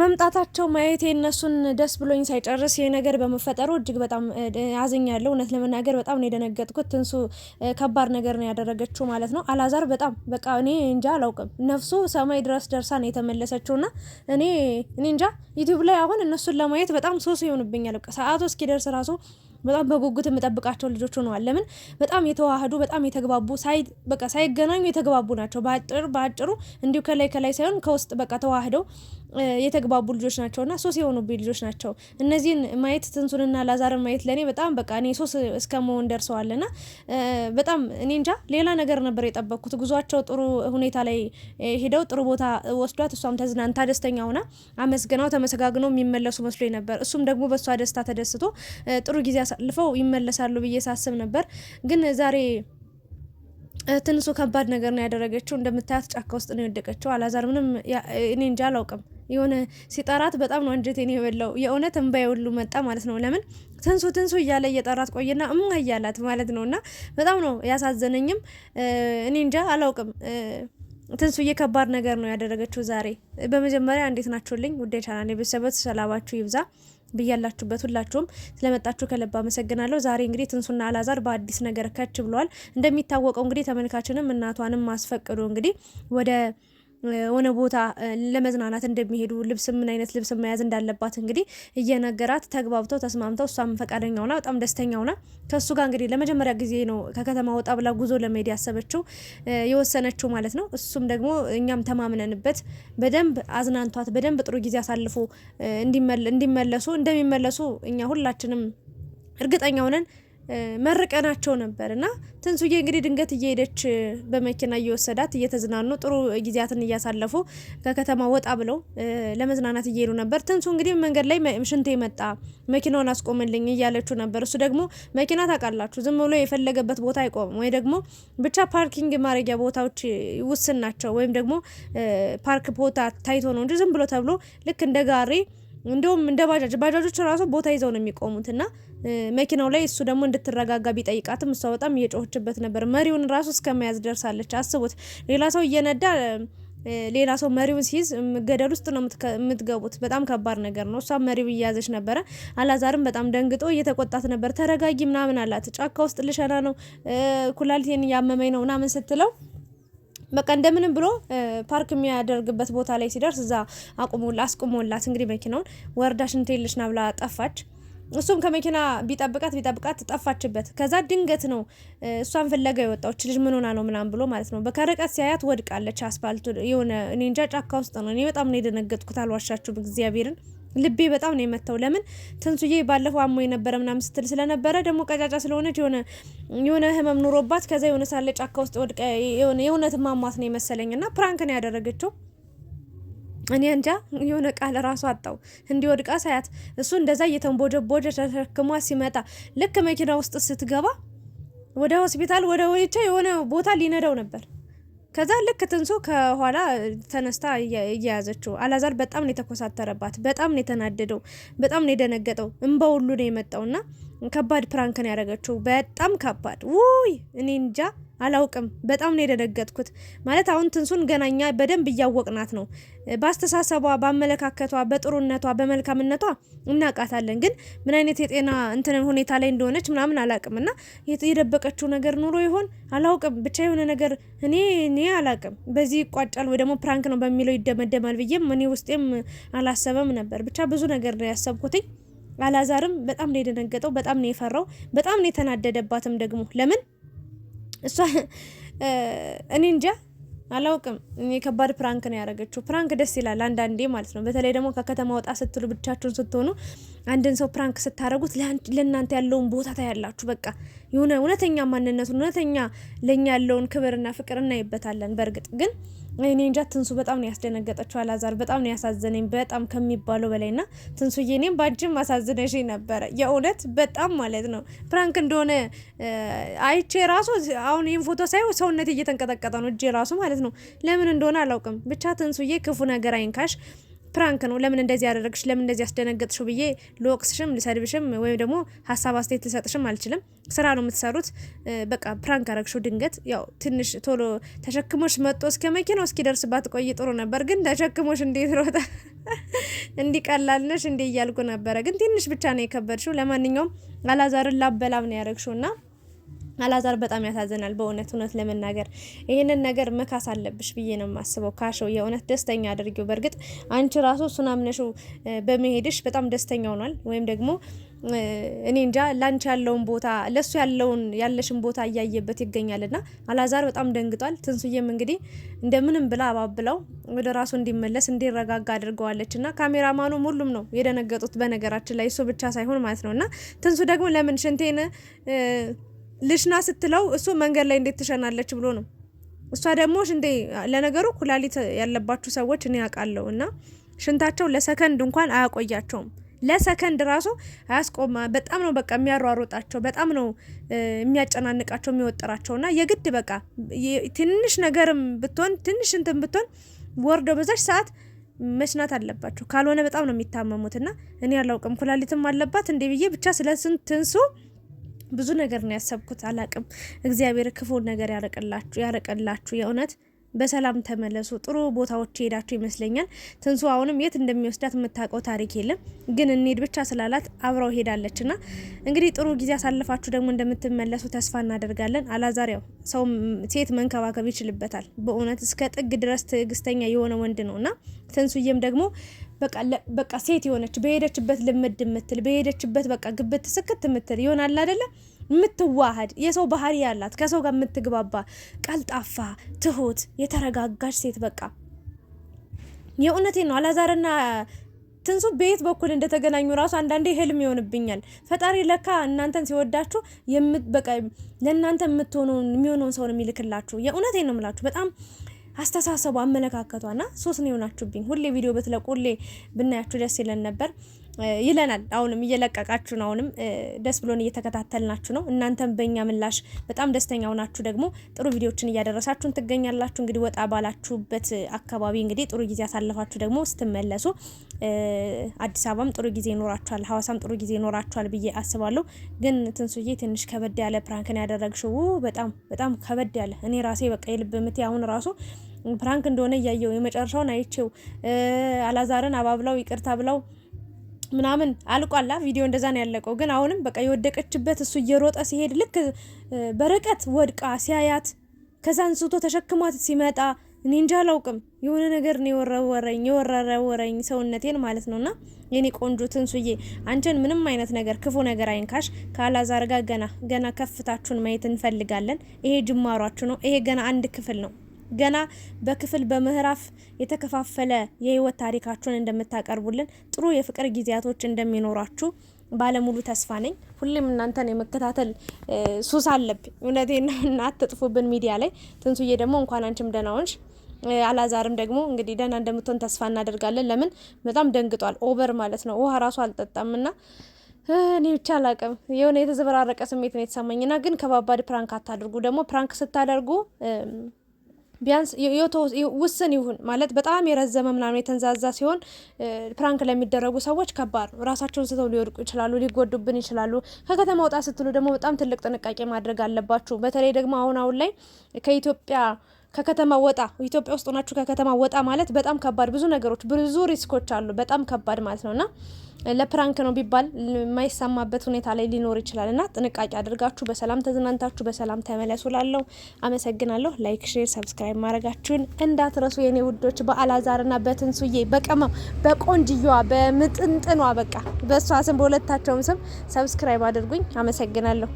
መምጣታቸው ማየት የእነሱን ደስ ብሎኝ ሳይጨርስ ይህ ነገር በመፈጠሩ እጅግ በጣም አዝኛለሁ። እውነት ለመናገር በጣም ነው የደነገጥኩት። ትንሱ ከባድ ነገር ነው ያደረገችው ማለት ነው። አላዛር በጣም በቃ እኔ እንጃ አላውቅም። ነፍሱ ሰማይ ድረስ ደርሳ ነው የተመለሰችው ና እኔ እኔ እንጃ ዩቲዩብ ላይ አሁን እነሱን ለማየት በጣም ሶስ ይሆንብኛል። በቃ ሰዓቱ እስኪደርስ ራሱ በጣም በጉጉት የምጠብቃቸው ልጆች ሆነዋል። ለምን በጣም የተዋህዱ በጣም የተግባቡ በቃ ሳይገናኙ የተግባቡ ናቸው። በአጭር በአጭሩ እንዲሁ ከላይ ከላይ ሳይሆን ከውስጥ በቃ ተዋህደው የተግባቡ ልጆች ናቸው እና ሶስ የሆኑብኝ ልጆች ናቸው። እነዚህን ማየት ትንሱንና ላዛርን ማየት ለእኔ በጣም በቃ እኔ ሶስ እስከ መሆን ደርሰዋል እና በጣም እኔ እንጃ ሌላ ነገር ነበር የጠበቅኩት። ጉዟቸው ጥሩ ሁኔታ ላይ ሄደው ጥሩ ቦታ ወስዷት እሷም ተዝናንታ ደስተኛ ሆና አመስግናው ተመሰጋግነው የሚመለሱ መስሎ ነበር። እሱም ደግሞ በእሷ ደስታ ተደስቶ ጥሩ ጊዜ አሳልፈው ይመለሳሉ ብዬ ሳስብ ነበር። ግን ዛሬ ትንሱ ከባድ ነገር ነው ያደረገችው። እንደምታያት ጫካ ውስጥ ነው የወደቀችው። አላዛር ምንም እኔ እንጃ አላውቅም የሆነ ሲጠራት በጣም ነው አንጀቴን የበላው። የእውነት እንባ ሁሉ መጣ ማለት ነው። ለምን ትንሱ ትንሱ እያለ እየጠራት ቆየና እም እያላት ማለት ነው። እና በጣም ነው ያሳዘነኝም። እኔ እንጃ አላውቅም። ትንሱ እየከባድ ነገር ነው ያደረገችው ዛሬ። በመጀመሪያ እንዴት ናችሁልኝ? ውዴ ቻናል የቤተሰበት ሰላማችሁ ይብዛ። ብያላችሁበት ሁላችሁም ስለመጣችሁ ከልብ አመሰግናለሁ። ዛሬ እንግዲህ ትንሱና አላዛር በአዲስ ነገር ከች ብሏል። እንደሚታወቀው እንግዲህ ተመልካችንም እናቷንም አስፈቅዶ እንግዲህ ወደ ሆነ ቦታ ለመዝናናት እንደሚሄዱ ልብስ ምን አይነት ልብስ መያዝ እንዳለባት እንግዲህ እየነገራት ተግባብተው ተስማምተው እሷም ፈቃደኛ ሆና በጣም ደስተኛ ሆና ከእሱ ጋር እንግዲህ ለመጀመሪያ ጊዜ ነው ከከተማ ወጣ ብላ ጉዞ ለመሄድ ያሰበችው የወሰነችው ማለት ነው። እሱም ደግሞ እኛም ተማምነንበት በደንብ አዝናንቷት በደንብ ጥሩ ጊዜ አሳልፎ እንዲመለሱ እንደሚመለሱ እኛ ሁላችንም እርግጠኛ ሆነን መርቀናቸው ነበር እና ትንሱዬ እንግዲህ ድንገት እየሄደች በመኪና እየወሰዳት እየተዝናኑ ጥሩ ጊዜያትን እያሳለፉ ከከተማ ወጣ ብለው ለመዝናናት እየሄዱ ነበር። ትንሱ እንግዲህ መንገድ ላይ ሽንቴ መጣ መኪናውን አስቆምልኝ እያለችው ነበር። እሱ ደግሞ መኪና ታውቃላችሁ፣ ዝም ብሎ የፈለገበት ቦታ አይቆምም፣ ወይ ደግሞ ብቻ ፓርኪንግ ማረጊያ ቦታዎች ውስን ናቸው፣ ወይም ደግሞ ፓርክ ቦታ ታይቶ ነው እንጂ ዝም ብሎ ተብሎ ልክ እንደ ጋሪ እንዲሁም እንደ ባጃጅ ባጃጆች ራሱ ቦታ ይዘው ነው የሚቆሙት እና መኪናው ላይ እሱ ደግሞ እንድትረጋጋ ቢጠይቃትም እሷ በጣም እየጮኸችበት ነበር። መሪውን ራሱ እስከመያዝ ደርሳለች። አስቡት፣ ሌላ ሰው እየነዳ ሌላ ሰው መሪውን ሲይዝ ገደል ውስጥ ነው የምትገቡት። በጣም ከባድ ነገር ነው። እሷ መሪው እያያዘች ነበረ። አላዛርም በጣም ደንግጦ እየተቆጣት ነበር። ተረጋጊ ምናምን አላት። ጫካ ውስጥ ልሸና ነው ኩላሊቴን ያመመኝ ነው ምናምን ስትለው በቃ እንደምንም ብሎ ፓርክ የሚያደርግበት ቦታ ላይ ሲደርስ እዛ አቁሞላ አስቁሞላት እንግዲህ መኪናውን ወርዳ ሽንት የለሽ ና ብላ ጠፋች። እሱም ከመኪና ቢጠብቃት ቢጠብቃት ጠፋችበት። ከዛ ድንገት ነው እሷን ፍለጋ የወጣች ልጅ ምንሆና ነው ምናምን ብሎ ማለት ነው። ከርቀት ሲያያት ወድቃለች አስፋልቱ የሆነ እኔ እንጃ ጫካ ውስጥ ነው። እኔ በጣም ነው የደነገጥኩት፣ አልዋሻችሁም እግዚአብሔርን ልቤ በጣም ነው የመታው። ለምን ትንሱዬ ባለፈው አሞ የነበረ ምናምን ስትል ስለነበረ ደግሞ ቀጫጫ ስለሆነች የሆነ የሆነ ህመም ኑሮባት ከዛ የሆነ ሳለ ጫካ ውስጥ ወድቀ የሆነ የእውነት ማሟት ነው የመሰለኝ እና ፕራንክ ነው ያደረገችው። እኔ እንጃ የሆነ ቃል ራሱ አጣው። እንዲህ ወድቃ ሳያት እሱ እንደዛ እየተንቦጀቦጀ ተሸክሟ ሲመጣ ልክ መኪና ውስጥ ስትገባ ወደ ሆስፒታል ወደ ወይቻ የሆነ ቦታ ሊነዳው ነበር ከዛ ልክ ትንሱ ከኋላ ተነስታ እየያዘችው አላዛር በጣም ነው የተኮሳተረባት። በጣም ነው የተናደደው። በጣም ነው የደነገጠው። እንባ ሁሉ ነው የመጣውና ከባድ ነው ያደረገችው። በጣም ከባድ ውይ እኔ እንጃ። አላውቅም። በጣም ነው የደነገጥኩት። ማለት አሁን ትንሱን ገናኛ በደንብ እያወቅናት ነው። በአስተሳሰቧ፣ በአመለካከቷ፣ በጥሩነቷ፣ በመልካምነቷ እናውቃታለን። ግን ምን አይነት የጤና እንትን ሁኔታ ላይ እንደሆነች ምናምን አላውቅም። እና የደበቀችው ነገር ኑሮ ይሆን አላውቅም። ብቻ የሆነ ነገር እኔ እኔ አላውቅም። በዚህ ይቋጫል ወይ ደግሞ ፕራንክ ነው በሚለው ይደመደማል ብዬም እኔ ውስጤም አላሰበም ነበር። ብቻ ብዙ ነገር ነው ያሰብኩትኝ። አላዛርም በጣም ነው የደነገጠው። በጣም ነው የፈራው። በጣም ነው የተናደደባትም ደግሞ ለምን እሷ እኔ እንጃ አላውቅም። ከባድ ፕራንክ ነው ያደረገችው። ፕራንክ ደስ ይላል አንዳንዴ ማለት ነው። በተለይ ደግሞ ከከተማ ወጣ ስትሉ ብቻችሁን ስትሆኑ አንድን ሰው ፕራንክ ስታደረጉት ለእናንተ ያለውን ቦታ ታያላችሁ። በቃ የሆነ እውነተኛ ማንነቱን እውነተኛ ለእኛ ያለውን ክብርና ፍቅር እናይበታለን። በእርግጥ ግን እኔ እንጃ ትንሱ በጣም ነው ያስደነገጠችው። አላዛር በጣም ነው ያሳዘነኝ፣ በጣም ከሚባለው በላይ ና ትንሱዬ፣ እኔም በአጅም አሳዝነሽ ነበረ የእውነት በጣም ማለት ነው። ፕራንክ እንደሆነ አይቼ ራሱ አሁን ይህን ፎቶ ሳይ ሰውነት እየተንቀጠቀጠ ነው እጄ ራሱ ማለት ነው። ለምን እንደሆነ አላውቅም። ብቻ ትንሱዬ ክፉ ነገር አይንካሽ። ፕራንክ ነው፣ ለምን እንደዚህ ያደረግሽ፣ ለምን እንደዚህ ያስደነገጥሽው ብዬ ልወቅስሽም ልሰድብሽም ወይም ደግሞ ሀሳብ አስተያየት ልሰጥሽም አልችልም። ስራ ነው የምትሰሩት። በቃ ፕራንክ አረግሽው ድንገት። ያው ትንሽ ቶሎ ተሸክሞሽ መጦ እስከ መኪናው እስኪደርስ ባትቆይ ጥሩ ነበር፣ ግን ተሸክሞሽ እንዴት ሮጠ እንዲቀላልነሽ እንዲህ እያልኩ ነበረ፣ ግን ትንሽ ብቻ ነው የከበድሽው። ለማንኛውም አላዛርን ላበላም ነው ያረግሽው እና አላዛር በጣም ያሳዝናል። በእውነት እውነት ለመናገር ይህንን ነገር መካስ አለብሽ ብዬ ነው የማስበው። ካሸው የእውነት ደስተኛ አድርጊው። በእርግጥ አንቺ ራሱ እሱን አምነሽው በመሄድሽ በጣም ደስተኛ ሆኗል። ወይም ደግሞ እኔ እንጃ ላንቺ ያለውን ቦታ ለሱ ያለውን ያለሽን ቦታ እያየበት ይገኛል ና አላዛር በጣም ደንግጧል። ትንሱዬም እንግዲህ እንደምንም ብላ አባብለው ወደ ራሱ እንዲመለስ እንዲረጋጋ አድርገዋለች። እና ካሜራማኑም ሁሉም ነው የደነገጡት። በነገራችን ላይ እሱ ብቻ ሳይሆን ማለት እና ትንሱ ደግሞ ለምን ሽንቴን ልሽና ስትለው እሱ መንገድ ላይ እንዴት ትሸናለች ብሎ ነው። እሷ ደግሞ ሽንቴ ለነገሩ ኩላሊት ያለባችሁ ሰዎች እኔ አውቃለሁ እና ሽንታቸው ለሰከንድ እንኳን አያቆያቸውም። ለሰከንድ ራሱ አያስቆማ። በጣም ነው በቃ የሚያሯሮጣቸው፣ በጣም ነው የሚያጨናንቃቸው፣ የሚወጥራቸውና የግድ በቃ ትንሽ ነገርም ብትሆን ትንሽ እንትን ብትሆን ወርዶ በዛች ሰዓት መሽናት አለባቸው። ካልሆነ በጣም ነው የሚታመሙትና እኔ አላውቅም ኩላሊትም አለባት እንዴ ብዬ ብቻ ስለ ትንሱ ብዙ ነገር ነው ያሰብኩት። አላቅም። እግዚአብሔር ክፉን ነገር ያረቀላችሁ ያረቀላችሁ። የእውነት በሰላም ተመለሱ። ጥሩ ቦታዎች ሄዳችሁ ይመስለኛል። ትንሱ አሁንም የት እንደሚወስዳት የምታውቀው ታሪክ የለም፣ ግን እንሂድ ብቻ ስላላት አብረው ሄዳለች። ና እንግዲህ ጥሩ ጊዜ አሳልፋችሁ ደግሞ እንደምትመለሱ ተስፋ እናደርጋለን። አላዛሪያው ሰው ሴት መንከባከብ ይችልበታል። በእውነት እስከ ጥግ ድረስ ትዕግስተኛ የሆነ ወንድ ነው። እና ትንሱዬም ደግሞ በቃ ሴት የሆነች በሄደችበት ልምድ የምትል በሄደችበት በቃ ግብት ስክት የምትል ይሆናል አይደለ? የምትዋሃድ የሰው ባህሪ ያላት ከሰው ጋር የምትግባባ ቀልጣፋ፣ ትሁት፣ የተረጋጋች ሴት በቃ የእውነቴ ነው። አላዛርና ትንሱ በየት በኩል እንደተገናኙ ራሱ አንዳንዴ ህልም ይሆንብኛል። ፈጣሪ ለካ እናንተን ሲወዳችሁ ለእናንተ የምትሆነውን የሚሆነውን ሰው ነው የሚልክላችሁ። የእውነቴ ነው ምላችሁ በጣም አስተሳሰቡ፣ አመለካከቷና ሶስት ነው የሆናችሁብኝ። ሁሌ ቪዲዮ በትለቁ ሁሌ ብናያችሁ ደስ ይለን ነበር ይለናል። አሁንም እየለቀቃችሁ ነው። አሁንም ደስ ብሎን እየተከታተልናችሁ ነው። እናንተም በእኛ ምላሽ በጣም ደስተኛ ሆናችሁ ደግሞ ጥሩ ቪዲዮችን እያደረሳችሁን ትገኛላችሁ። እንግዲህ ወጣ ባላችሁበት አካባቢ እንግዲህ ጥሩ ጊዜ ያሳለፋችሁ ደግሞ ስትመለሱ አዲስ አበባም ጥሩ ጊዜ ይኖራችኋል፣ ሀዋሳም ጥሩ ጊዜ ይኖራችኋል ብዬ አስባለሁ። ግን ትንሱዬ ትንሽ ከበድ ያለ ፕራንክን ያደረግሽው በጣም በጣም ከበድ ያለ እኔ ራሴ በቃ የልብ ምት አሁን ራሱ ፕራንክ እንደሆነ እያየው የመጨረሻውን አይቼው አላዛርን አባብላው ይቅርታ ብለው ምናምን አልቋላ ቪዲዮ እንደዛ ነው ያለቀው። ግን አሁንም በቃ የወደቀችበት እሱ እየሮጠ ሲሄድ ልክ በርቀት ወድቃ ሲያያት ከዛ አንስቶ ተሸክሟት ሲመጣ እኔ እንጃ አላውቅም፣ የሆነ ነገር ነው የወረወረኝ የወረረወረኝ ሰውነቴን ማለት ነውና፣ የኔ ቆንጆ ትንሱዬ አንቺን ምንም አይነት ነገር ክፉ ነገር አይንካሽ። ከአላዛር ጋር ገና ገና ከፍታችሁን ማየት እንፈልጋለን። ይሄ ጅማሯችሁ ነው። ይሄ ገና አንድ ክፍል ነው። ገና በክፍል በምህራፍ የተከፋፈለ የህይወት ታሪካችሁን እንደምታቀርቡልን ጥሩ የፍቅር ጊዜያቶች እንደሚኖራችሁ ባለሙሉ ተስፋ ነኝ። ሁሌም እናንተን የመከታተል ሱስ አለብኝ። እውነቴን እና አትጥፉብን ሚዲያ ላይ ትንሱዬ ደግሞ እንኳን አንቺም ደህና ሆንሽ። አላዛርም ደግሞ እንግዲህ ደህና እንደምትሆን ተስፋ እናደርጋለን። ለምን በጣም ደንግጧል። ኦቨር ማለት ነው። ውሃ ራሱ አልጠጣም ና እኔ ብቻ አላቅም የሆነ የተዘበራረቀ ስሜት ነው የተሰማኝና፣ ግን ከባባድ ፕራንክ አታደርጉ። ደግሞ ፕራንክ ስታደርጉ ቢያንስ ውስን ይሁን ማለት በጣም የረዘመ ምናምን የተንዛዛ ሲሆን ፕራንክ ለሚደረጉ ሰዎች ከባድ ነው። ራሳቸውን ስተው ሊወድቁ ይችላሉ፣ ሊጎዱብን ይችላሉ። ከከተማ ወጣ ስትሉ ደግሞ በጣም ትልቅ ጥንቃቄ ማድረግ አለባችሁ። በተለይ ደግሞ አሁን አሁን ላይ ከኢትዮጵያ ከከተማ ወጣ ኢትዮጵያ ውስጥ ሆናችሁ ከከተማ ወጣ ማለት በጣም ከባድ ብዙ ነገሮች ብዙ ሪስኮች አሉ። በጣም ከባድ ማለት ነውና ለፕራንክ ነው ቢባል የማይሰማበት ሁኔታ ላይ ሊኖር ይችላል እና ጥንቃቄ አድርጋችሁ በሰላም ተዝናንታችሁ በሰላም ተመለሱ። ላለው አመሰግናለሁ። ላይክ፣ ሼር፣ ሰብስክራይብ ማድረጋችሁን እንዳትረሱ የኔ ውዶች። በአላዛርና በትንሱዬ በቀመም በቆንጅየዋ በምጥንጥኗ በቃ በእሷ ስም በሁለታቸውም ስም ሰብስክራይብ አድርጉኝ። አመሰግናለሁ።